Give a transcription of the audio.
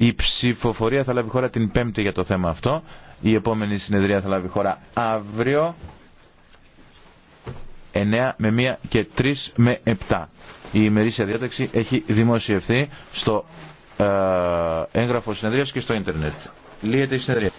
Η ψηφοφορία θα λάβει χώρα την 5η για το θέμα αυτό. Η επόμενη συνεδρία θα λάβει χώρα αύριο 9 με 1 και 3 με 7. Η ημερήσια διάταξη έχει δημοσιευθεί στο ε, έγγραφο συνεδρίας και στο ίντερνετ. Λύεται η συνεδρία.